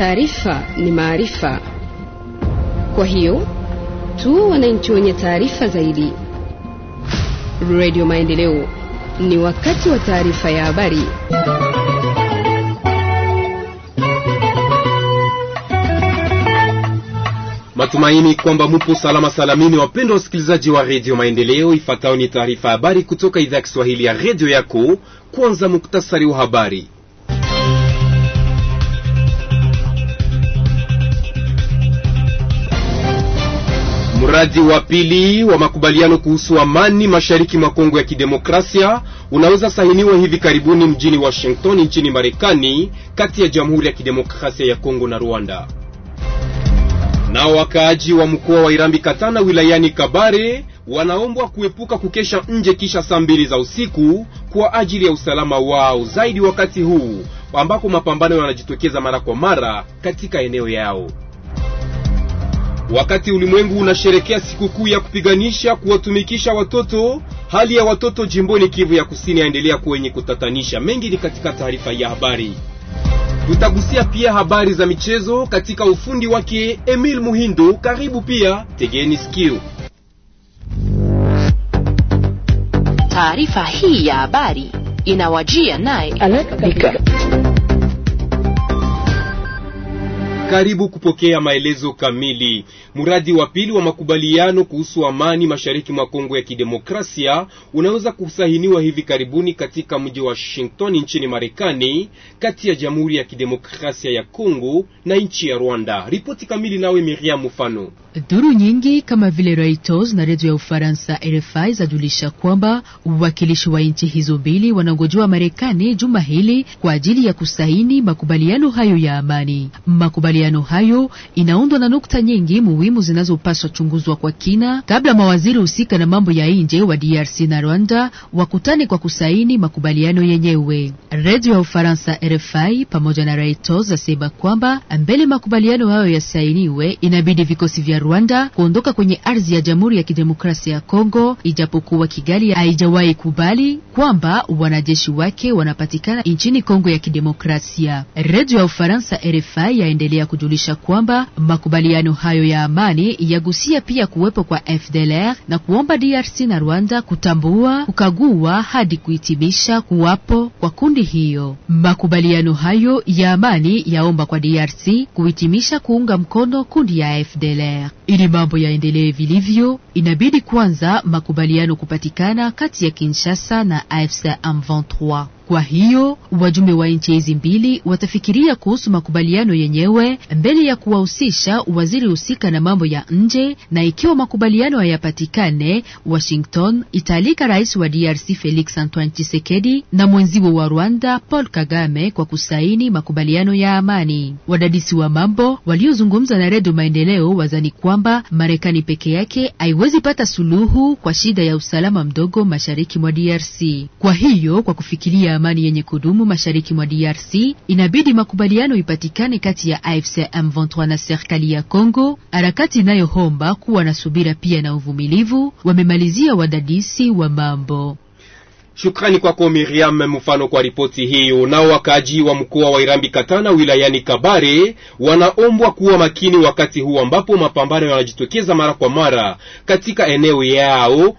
Taarifa ni maarifa, kwa hiyo tu wananchi wenye taarifa zaidi. Radio Maendeleo, ni wakati wa taarifa ya habari. Matumaini kwamba mupo salama salamini, wapendwa wasikilizaji wa redio Maendeleo. Ifuatayo ni taarifa habari kutoka idhaa ya Kiswahili ya redio yako. Kwanza muktasari wa habari. Mradi wa pili wa makubaliano kuhusu amani mashariki mwa Kongo ya Kidemokrasia unaweza sainiwa hivi karibuni mjini Washington nchini Marekani kati ya Jamhuri ya Kidemokrasia ya Kongo na Rwanda. Nao wakaaji wa mkoa wa Irambi Katana wilayani Kabare wanaombwa kuepuka kukesha nje kisha saa mbili za usiku kwa ajili ya usalama wao, zaidi wakati huu ambako mapambano yanajitokeza mara kwa mara katika eneo yao. Wakati ulimwengu unasherekea sikukuu ya kupiganisha kuwatumikisha watoto, hali ya watoto jimboni Kivu ya Kusini yaendelea kuwa yenye kutatanisha. Mengi ni katika taarifa ya habari. Tutagusia pia habari za michezo katika ufundi wake Emil Muhindo. Karibu pia, tegeni sikio. Taarifa hii ya habari inawajia naye karibu kupokea maelezo kamili. Mradi wa pili wa makubaliano kuhusu amani mashariki mwa Kongo ya Kidemokrasia unaweza kusahiniwa hivi karibuni katika mji wa Washington nchini Marekani, kati ya Jamhuri ya Kidemokrasia ya Kongo na nchi ya Rwanda. Ripoti kamili nawe Miriam Mufano. Duru nyingi kama vile Reuters na redio ya Ufaransa RFI zajulisha kwamba uwakilishi wa nchi hizo mbili wanaongojewa Marekani juma hili kwa ajili ya kusaini makubaliano hayo ya amani. Makubaliano Makubaliano hayo inaundwa na nukta nyingi muhimu zinazopaswa chunguzwa kwa kina kabla mawaziri husika na mambo ya nje wa DRC na Rwanda wakutane kwa kusaini makubaliano yenyewe. Redio ya Ufaransa RFI pamoja na Reuters asema kwamba mbele makubaliano hayo yasainiwe, inabidi vikosi vya Rwanda kuondoka kwenye ardhi ya Jamhuri ya Kidemokrasia ya Kongo, ijapokuwa Kigali haijawahi kubali kwamba wanajeshi wake wanapatikana nchini Kongo ya Kidemokrasia. Redio ya Ufaransa RFI yaendelea kujulisha kwamba makubaliano hayo ya amani yagusia pia kuwepo kwa FDLR na kuomba DRC na Rwanda kutambua, kukagua hadi kuhitimisha kuwapo kwa kundi hiyo. Makubaliano hayo ya amani yaomba kwa DRC kuhitimisha kuunga mkono kundi ya FDLR. Ili mambo yaendelee vilivyo, inabidi kwanza makubaliano kupatikana kati ya Kinshasa na AFC M23. Kwa hiyo wajumbe wa nchi hizi mbili watafikiria kuhusu makubaliano yenyewe mbele ya kuwahusisha waziri husika na mambo ya nje, na ikiwa makubaliano hayapatikane, Washington itaalika rais wa DRC Felix Antoine Tshisekedi na mwenziwe wa Rwanda Paul Kagame kwa kusaini makubaliano ya amani. Wadadisi wa mambo waliozungumza na Redio Maendeleo wazani kwamba Marekani peke yake haiwezi pata suluhu kwa shida ya usalama mdogo mashariki mwa DRC. Kwa hiyo kwa kufikiria amani yenye kudumu mashariki mwa DRC inabidi makubaliano ipatikane kati ya AFC M23 na serikali ya congo harakati inayoomba kuwa na subira pia na uvumilivu, wamemalizia wadadisi wa mambo. Shukrani kwako Miriam Mfano kwa ripoti hiyo. Nao wakaaji wa mkoa wa Irambi Katana wilayani Kabare wanaombwa kuwa makini wakati huu ambapo mapambano yanajitokeza mara kwa mara katika eneo yao,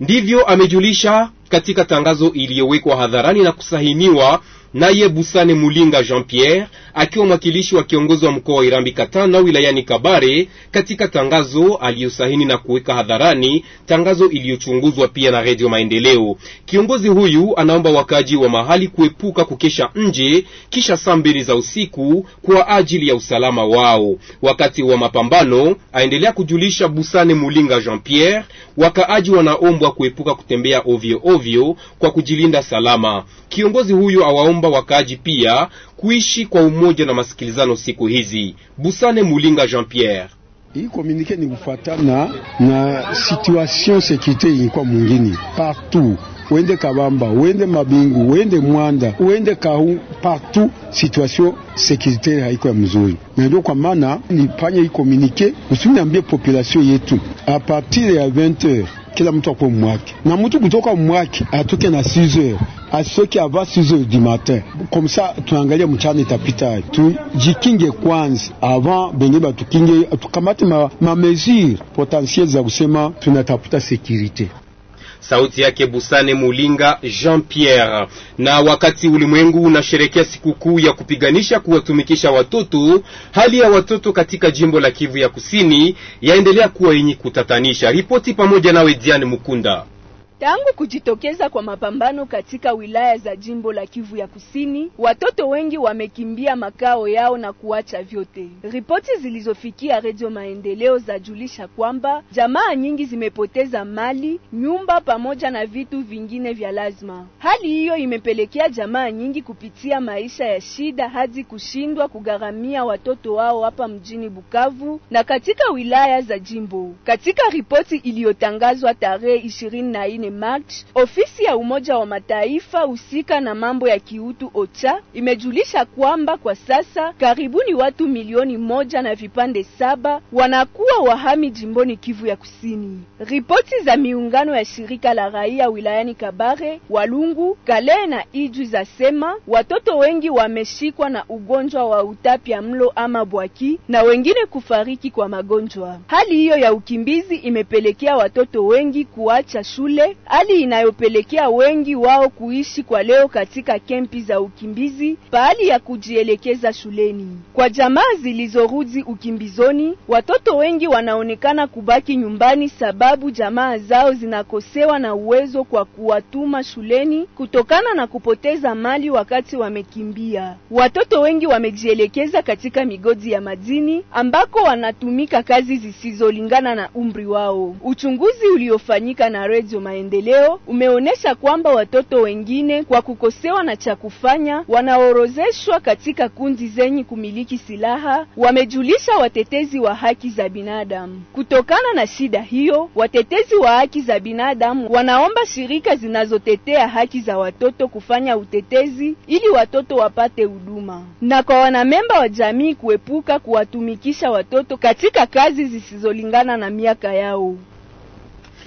ndivyo amejulisha katika tangazo iliyowekwa hadharani na kusahiniwa Naye Busane Mulinga Jean Pierre akiwa mwakilishi wa kiongozi wa mkoa wa Irambi Katana wilayani Kabare, katika tangazo aliyosahini na kuweka hadharani, tangazo iliyochunguzwa pia na Redio Maendeleo. Kiongozi huyu anaomba wakaji wa mahali kuepuka kukesha nje kisha saa mbili za usiku kwa ajili ya usalama wao. Wakati wa mapambano, aendelea kujulisha Busane Mulinga Jean Pierre, wakaaji wanaombwa kuepuka kutembea ovyo ovyo kwa kujilinda salama. Kiongozi huyu awaomba kuomba wakaaji pia kuishi kwa umoja na masikilizano siku hizi. Busane Mulinga Jean Pierre hii komunike ni kufatana na situation sekurite ilikuwa mwingine partout uende Kabamba, uende Mabingu, uende Mwanda, uende Kahu, partout situation security haiko ya mzuri, na ndio kwa maana nipanye hii komunike kusudi niambie population yetu a partir ya 20h kila mtu akwe mwake na mtu kutoka mwake atoke na 6h asoke ava 6h du matin comme ça, tunaangalia mchana itapita. Tujikinge kwanza avant bengi batukinge, tukamate ma, ma mesure potentiel za kusema tunatafuta security. Sauti yake Busane Mulinga Jean Pierre. Na wakati ulimwengu unasherekea sikukuu ya kupiganisha kuwatumikisha watoto, hali ya watoto katika jimbo la Kivu ya Kusini yaendelea kuwa yenye kutatanisha. Ripoti pamoja nawe Diane Mukunda. Tangu kujitokeza kwa mapambano katika wilaya za jimbo la Kivu ya Kusini, watoto wengi wamekimbia makao yao na kuacha vyote. Ripoti zilizofikia Redio Maendeleo zajulisha kwamba jamaa nyingi zimepoteza mali, nyumba pamoja na vitu vingine vya lazima. Hali hiyo imepelekea jamaa nyingi kupitia maisha ya shida hadi kushindwa kugharamia watoto wao hapa mjini Bukavu na katika wilaya za jimbo. Katika ripoti iliyotangazwa tarehe 24 March, ofisi ya Umoja wa Mataifa husika na mambo ya kiutu OCHA imejulisha kwamba kwa sasa karibuni watu milioni moja na vipande saba wanakuwa wahami jimboni Kivu ya Kusini. Ripoti za miungano ya shirika la raia wilayani Kabare, Walungu, Kale na Iju zasema watoto wengi wameshikwa na ugonjwa wa utapia mlo ama bwaki na wengine kufariki kwa magonjwa. Hali hiyo ya ukimbizi imepelekea watoto wengi kuacha shule hali inayopelekea wengi wao kuishi kwa leo katika kempi za ukimbizi pahali ya kujielekeza shuleni. Kwa jamaa zilizorudi ukimbizoni, watoto wengi wanaonekana kubaki nyumbani sababu jamaa zao zinakosewa na uwezo kwa kuwatuma shuleni kutokana na kupoteza mali wakati wamekimbia. Watoto wengi wamejielekeza katika migodi ya madini ambako wanatumika kazi zisizolingana na umri wao. Uchunguzi uliofanyika na Radio maendeleo umeonyesha kwamba watoto wengine kwa kukosewa na cha kufanya wanaorozeshwa katika kundi zenye kumiliki silaha, wamejulisha watetezi wa haki za binadamu. Kutokana na shida hiyo, watetezi wa haki za binadamu wanaomba shirika zinazotetea haki za watoto kufanya utetezi ili watoto wapate huduma, na kwa wanamemba wa jamii kuepuka kuwatumikisha watoto katika kazi zisizolingana na miaka yao.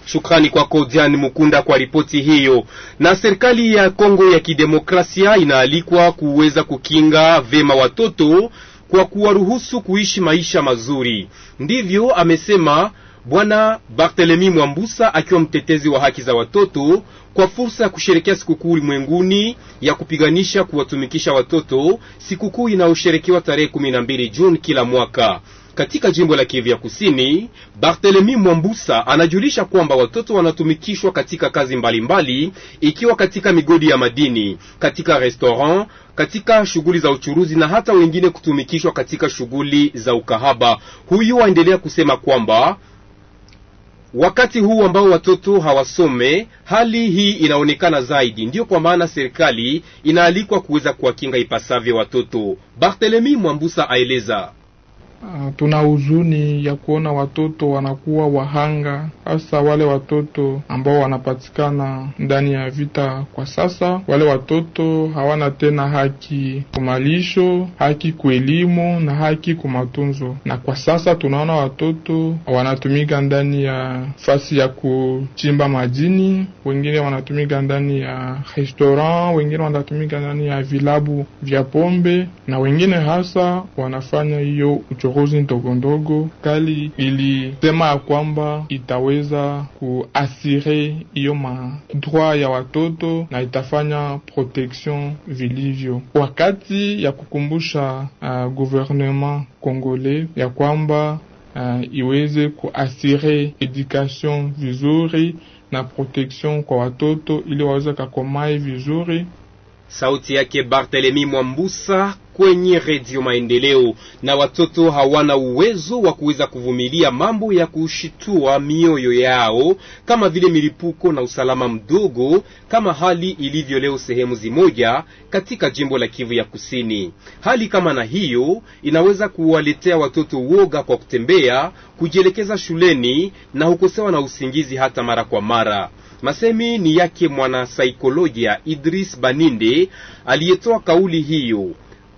Shukrani kwako Jan Mukunda kwa ripoti hiyo. Na serikali ya Kongo ya Kidemokrasia inaalikwa kuweza kukinga vema watoto kwa kuwaruhusu kuishi maisha mazuri. Ndivyo amesema Bwana Barthelemy Mwambusa akiwa mtetezi wa haki za watoto kwa fursa ya kusherekea sikukuu ulimwenguni ya kupiganisha kuwatumikisha watoto, sikukuu inayosherekewa tarehe 12 Juni kila mwaka katika jimbo la Kivu ya Kusini, Barthelemy Mwambusa anajulisha kwamba watoto wanatumikishwa katika kazi mbalimbali mbali, ikiwa katika migodi ya madini, katika restaurant, katika shughuli za uchuruzi na hata wengine kutumikishwa katika shughuli za ukahaba. Huyu aendelea kusema kwamba wakati huu ambao watoto hawasome, hali hii inaonekana zaidi. Ndiyo kwa maana serikali inaalikwa kuweza kuwakinga ipasavyo watoto. Barthelemy Mwambusa aeleza Ah, tuna huzuni ya kuona watoto wanakuwa wahanga, hasa wale watoto ambao wanapatikana ndani ya vita kwa sasa. Wale watoto hawana tena haki kumalisho, haki kuelimu na haki kumatunzo, na kwa sasa tunaona watoto wanatumika ndani ya fasi ya kuchimba madini, wengine wanatumika ndani ya restaurant, wengine wanatumika ndani ya vilabu vya pombe, na wengine hasa wanafanya hiyo chokozi ndogo ndogo. Kali ilisema ya kwamba itaweza kuasire hiyo madroit ya watoto na itafanya protection vilivyo, wakati ya kukumbusha uh, gouvernement kongole ya kwamba uh, iweze kuasire education vizuri na protection kwa watoto ili waweze kakomae vizuri. Sauti yake Barthelemy Mwambusa kwenye redio Maendeleo, na watoto hawana uwezo wa kuweza kuvumilia mambo ya kushitua mioyo yao kama vile milipuko na usalama mdogo, kama hali ilivyo leo sehemu zimoja katika jimbo la Kivu ya Kusini. Hali kama na hiyo inaweza kuwaletea watoto woga kwa kutembea, kujielekeza shuleni na hukosewa na usingizi hata mara kwa mara. Masemi ni yake mwanasaikolojia Idris Baninde aliyetoa kauli hiyo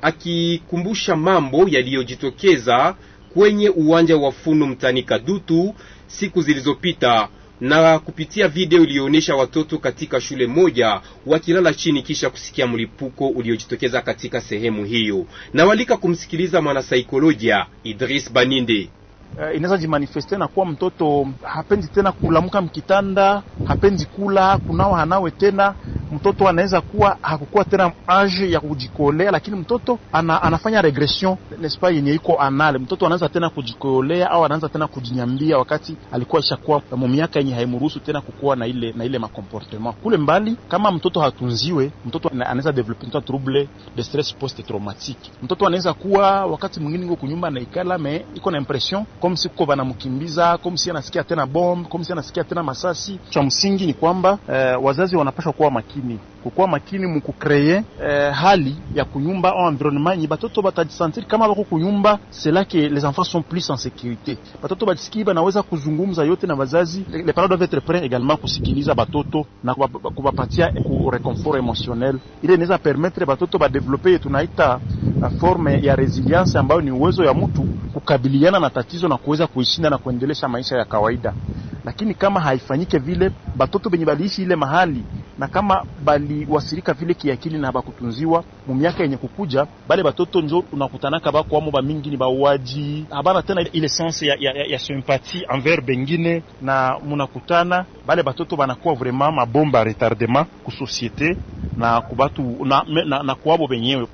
akikumbusha mambo yaliyojitokeza kwenye uwanja wa Funu mtani Kadutu siku zilizopita na kupitia video iliyoonyesha watoto katika shule moja wakilala chini kisha kusikia mlipuko uliojitokeza katika sehemu hiyo. Na walika kumsikiliza mwanasaikolojia Idris Baninde. Uh, inaweza jimanifeste na kuwa mtoto hapendi tena kulamuka mkitanda, hapendi kula, kunawa hanawe tena mtoto anaweza kuwa hakukuwa tena age ya kujikolea, lakini mtoto ana, anafanya regression nespa yenye iko anale. Mtoto anaanza tena kujikolea au anaanza tena kujinyambia, wakati alikuwa ishakuwa mumiaka yenye haimruhusu tena kukuwa na ile na ile makomportement kule mbali. Kama mtoto hatunziwe, mtoto anaweza develop trouble de stress post traumatique. Mtoto anaweza kuwa wakati mwingine ngo kunyumba na ikala me iko na impression comme si kuko bana banamkimbiza comme si anasikia tena bomb comme si anasikia tena masasi. Cha msingi ni kwamba eh, wazazi wanapaswa kuwa makini makini kukuwa makini mukukreye eh, hali ya kunyumba au environnement ni batoto batajisentir kama bako kunyumba, c'est là que les enfants sont plus en sécurité. Batoto bajisikie banaweza kuzungumza yote na wazazi, les parents doivent être prêts également kusikiliza batoto na kubapatia ku reconfort émotionnel, ile inaweza permettre batoto badevelope tunaita forme ya resilience, ambayo ni uwezo ya mtu kukabiliana na tatizo na kuweza kuishinda na kuendelesha maisha ya kawaida. Lakini kama haifanyike vile, batoto benye baliishi ile mahali na kama baliwasirika vile kiakili na bakutunziwa mu miaka yenye kukuja, bale batoto njo unakutanaka bakwamo mingi ni bawaji, habana tena ile sense ya, ya, ya sympathie envers bengine, na munakutana bale batoto banakuwa vraiment mabomba retardement ku societe na kubatu na, na, na, na benyewe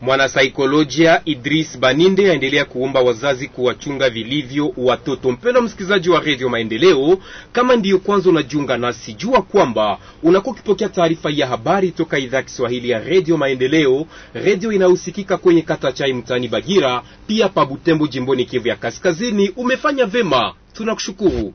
Mwanasaikolojia Idris Baninde aendelea kuomba wazazi kuwachunga vilivyo watoto. Mpendwa msikilizaji wa redio Maendeleo, kama ndiyo kwanza unajiunga nasi, jua kwamba unakuwa ukipokea taarifa ya habari toka idhaa Kiswahili ya redio Maendeleo, redio inayosikika kwenye kata chai mtaani Bagira, pia pa Butembo, jimboni Kivu ya Kaskazini. Umefanya vema, tunakushukuru.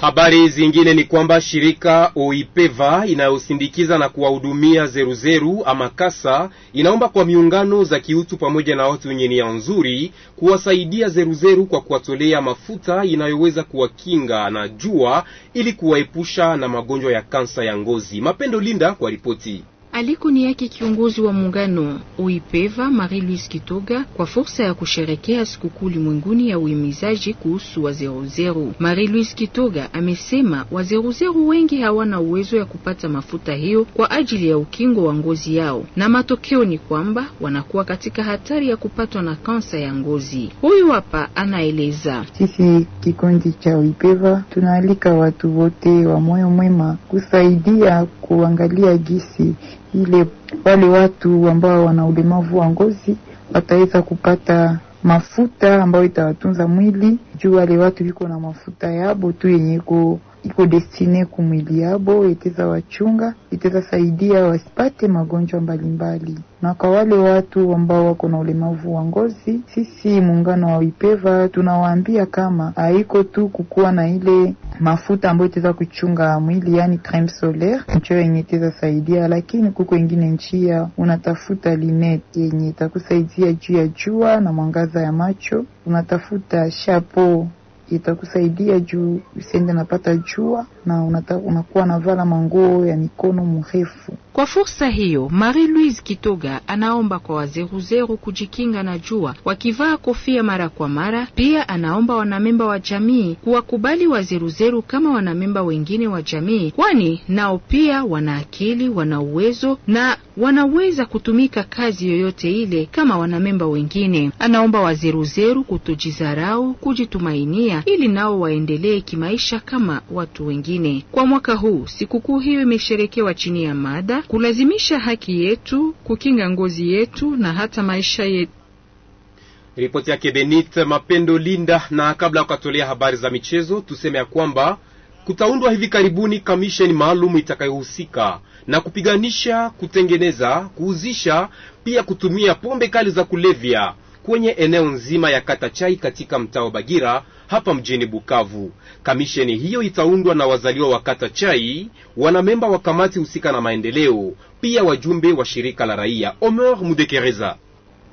Habari zingine ni kwamba shirika Oipeva inayosindikiza na kuwahudumia zeruzeru ama kasa inaomba kwa miungano za kiutu pamoja na watu wenye nia nzuri kuwasaidia zeruzeru kwa kuwatolea mafuta inayoweza kuwakinga na jua ili kuwaepusha na magonjwa ya kansa ya ngozi. Mapendo Linda kwa ripoti. Aliko ni yake kiongozi wa muungano Uipeva Marie-Louise Kitoga kwa fursa ya kusherekea sikukuu ulimwenguni ya uhimizaji kuhusu wazeruzeru. Marie-Louise Kitoga amesema wazeruzeru wengi hawana uwezo ya kupata mafuta hiyo kwa ajili ya ukingo wa ngozi yao, na matokeo ni kwamba wanakuwa katika hatari ya kupatwa na kansa ya ngozi. Huyu hapa anaeleza. Sisi kikundi cha Uipeva tunaalika watu wote wa moyo mwema kusaidia kuangalia gisi ile wale watu ambao wana ulemavu wa ngozi wataweza kupata mafuta ambayo itawatunza mwili juu wale watu viko na mafuta yabo tu yenye iko iko destine yabo iteza wachunga, iteza saidia wasipate magonjwa mbalimbali. Na kwa wale watu ambao wako na ulemavu wa ngozi, sisi muungano wa Ipeva tunawaambia kama haiko tu kukuwa na ile mafuta ambayo iteza kuchunga mwili, yani creme solaire njo yenye iteza saidia, lakini kuko ingine njia unatafuta linet yenye itakusaidia juu ya jua na mwangaza ya macho, unatafuta chapeau itakusaidia juu usiende napata jua na unakuwa navala manguo ya mikono mrefu. Kwa fursa hiyo, Marie-Louise Kitoga anaomba kwa wazeruzeru kujikinga na jua wakivaa kofia mara kwa mara. Pia anaomba wanamemba wa jamii kuwakubali wazeruzeru kama wanamemba wengine wa jamii, kwani nao pia wana akili, wana uwezo na wanaweza kutumika kazi yoyote ile kama wanamemba wengine. Anaomba wazeruzeru kutojizarau, kujitumainia ili nao waendelee kimaisha kama watu wengine. Kwa mwaka huu sikukuu hiyo imesherekewa chini ya mada kulazimisha haki yetu, kukinga ngozi yetu na hata maisha yetu. Ripoti yake Benit Mapendo Linda. Na kabla ya kukatolea habari za michezo, tuseme ya kwamba kutaundwa hivi karibuni kamisheni maalum itakayohusika na kupiganisha, kutengeneza, kuuzisha, pia kutumia pombe kali za kulevya kwenye eneo nzima ya kata Chai katika mtaa wa Bagira hapa mjini Bukavu. Kamisheni hiyo itaundwa na wazaliwa wa kata Chai, wanamemba wa kamati husika na maendeleo, pia wajumbe wa shirika la raia. Omer Mudekereza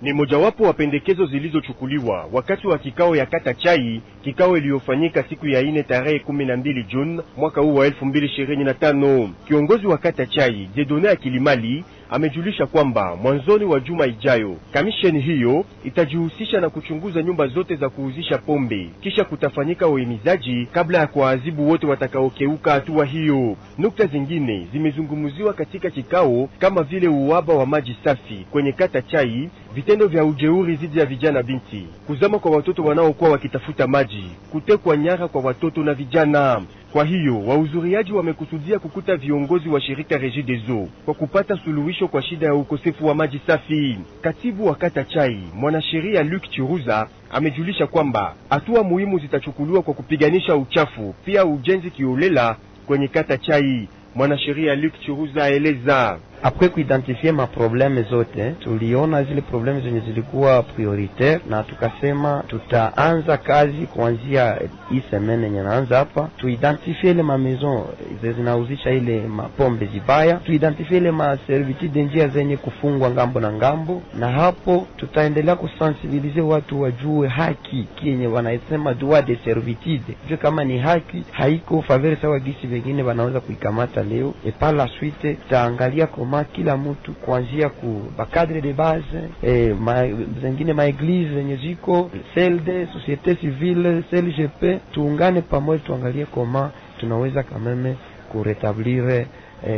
ni mojawapo wa pendekezo zilizochukuliwa wakati wa kikao ya kata Chai, kikao iliyofanyika siku ya ine tarehe kumi na mbili Juni mwaka huu wa elfu mbili ishirini na tano. Kiongozi wa kata Chai Jedone Kilimali amejulisha kwamba mwanzoni wa juma ijayo kamisheni hiyo itajihusisha na kuchunguza nyumba zote za kuuzisha pombe, kisha kutafanyika uhimizaji kabla ya kuwaadhibu wote watakaokeuka hatua hiyo. Nukta zingine zimezungumziwa katika kikao kama vile uwaba wa maji safi kwenye kata Chai, vitendo vya ujeuri dhidi ya vijana binti, kuzama kwa watoto wanaokuwa wakitafuta maji, kutekwa nyara kwa watoto na vijana. Kwa hiyo wahudhuriaji wamekusudia kukuta viongozi wa shirika Regideso kwa kupata suluhisho kwa shida ya ukosefu wa maji safi. Katibu wa kata Chai, mwanasheria luk Chiruza amejulisha kwamba hatua muhimu zitachukuliwa kwa kupiganisha uchafu pia ujenzi kiolela kwenye kata Chai. Mwanasheria luk Chiruza aeleza Après kuidentifie maprobleme zote, tuliona zile probleme zenye zilikuwa prioritaire, na tukasema tutaanza kazi kuanzia hii semaine yenye naanza hapa. Tuidentifie ile maison zinauzisha ile mapombe zibaya, tuidentifie ile maservitude njia zenye kufungwa ngambo na ngambo, na hapo tutaendelea kusensibilize watu wajue haki kienye wanasema droit de servitude, jue kama ni haki haiko faveur sawa gisi vengine wanaweza kuikamata leo. E, par la suite tutaangalia koma kila mtu kuanzia ku bakadre de base e, ma, zengine maeglize zenye ziko CLD, societe civile, CLGP, tuungane pamoja, tuangalie koma tunaweza kameme kuretablir eh,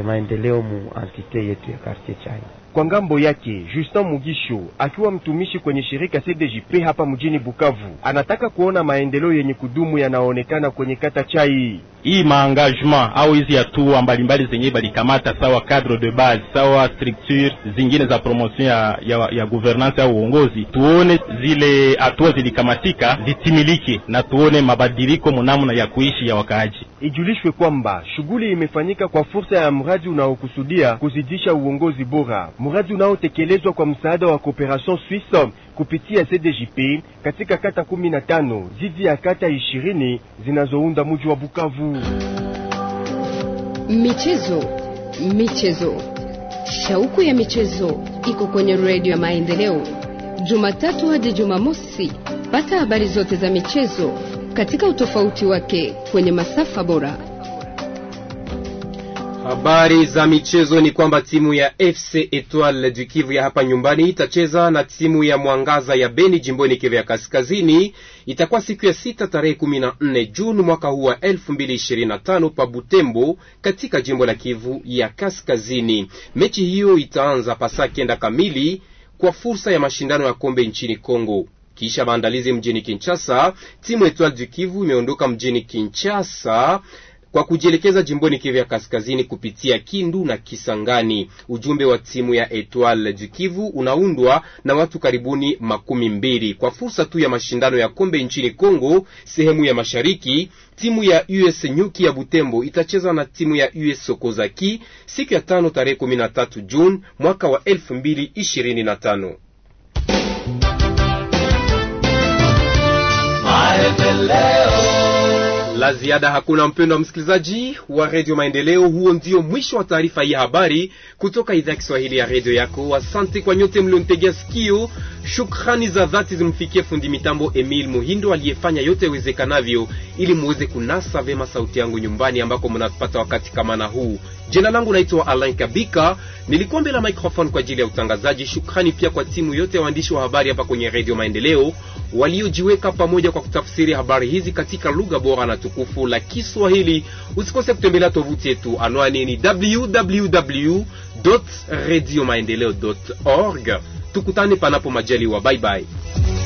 maendeleo mu entite yetu ya quartier chai. Kwa ngambo yake Justin Mugisho akiwa mtumishi kwenye shirika CDJP hapa mjini Bukavu, anataka kuona maendeleo yenye kudumu yanaonekana kwenye kata chai hii. Maengagement au hizi hatua mbalimbali zenye balikamata sawa cadre de base sawa structure zingine za promotion ya, ya, ya governance au uongozi, tuone zile hatua zilikamatika zitimilike na tuone mabadiliko na ya kuishi ya wakaaji. Ijulishwe kwamba shughuli imefanyika kwa fursa ya mradi unaokusudia kuzidisha uongozi bora, mradi unaotekelezwa kwa msaada wa Cooperation Suisse kupitia CDJP katika kata 15 zidi ya kata ishirini zinazounda mji wa Bukavu. Michezo, michezo, shauku ya michezo iko kwenye redio ya Maendeleo, Jumatatu hadi Jumamosi. Pata habari zote za michezo katika utofauti wake kwenye masafa bora. Habari za michezo ni kwamba timu ya FC Etoile du Kivu ya hapa nyumbani itacheza na timu ya Mwangaza ya Beni jimboni Kivu ya Kaskazini. Itakuwa siku ya sita tarehe kumi na nne Juni mwaka huu wa elfu mbili ishirini na tano pa Butembo katika jimbo la Kivu ya Kaskazini. Mechi hiyo itaanza pasaa kenda kamili kwa fursa ya mashindano ya kombe nchini Kongo. Kisha maandalizi mjini Kinshasa, timu Etoile du Kivu imeondoka mjini Kinshasa kwa kujielekeza jimboni Kivu ya kaskazini kupitia Kindu na Kisangani. Ujumbe wa timu ya Etoile du Kivu unaundwa na watu karibuni makumi mbili kwa fursa tu ya mashindano ya kombe nchini Kongo sehemu ya mashariki. Timu ya US Nyuki ya Butembo itacheza na timu ya US Sokozaki siku ya tano tarehe 13 Juni mwaka wa 2025. la ziada hakuna, mpendo wa msikilizaji wa redio Maendeleo. Huo ndio mwisho wa taarifa hii habari kutoka idhaa ya Kiswahili ya redio yako. Asante kwa nyote mlionitegea sikio. Shukrani za dhati zimfikie fundi mitambo Emil Muhindo aliyefanya yote iwezekanavyo ili muweze kunasa vema sauti yangu nyumbani ambako mnapata wakati kama na huu. Jina langu naitwa Alain Kabika. Nilikuambia la microphone kwa ajili ya utangazaji. Shukrani pia kwa timu yote ya waandishi wa habari hapa kwenye Redio Maendeleo waliojiweka pamoja kwa kutafsiri habari hizi katika lugha bora na tukufu la Kiswahili. Usikose kutembelea tovuti yetu, anwani ni www.radiomaendeleo.org. Tukutane panapo majaliwa, bye bye.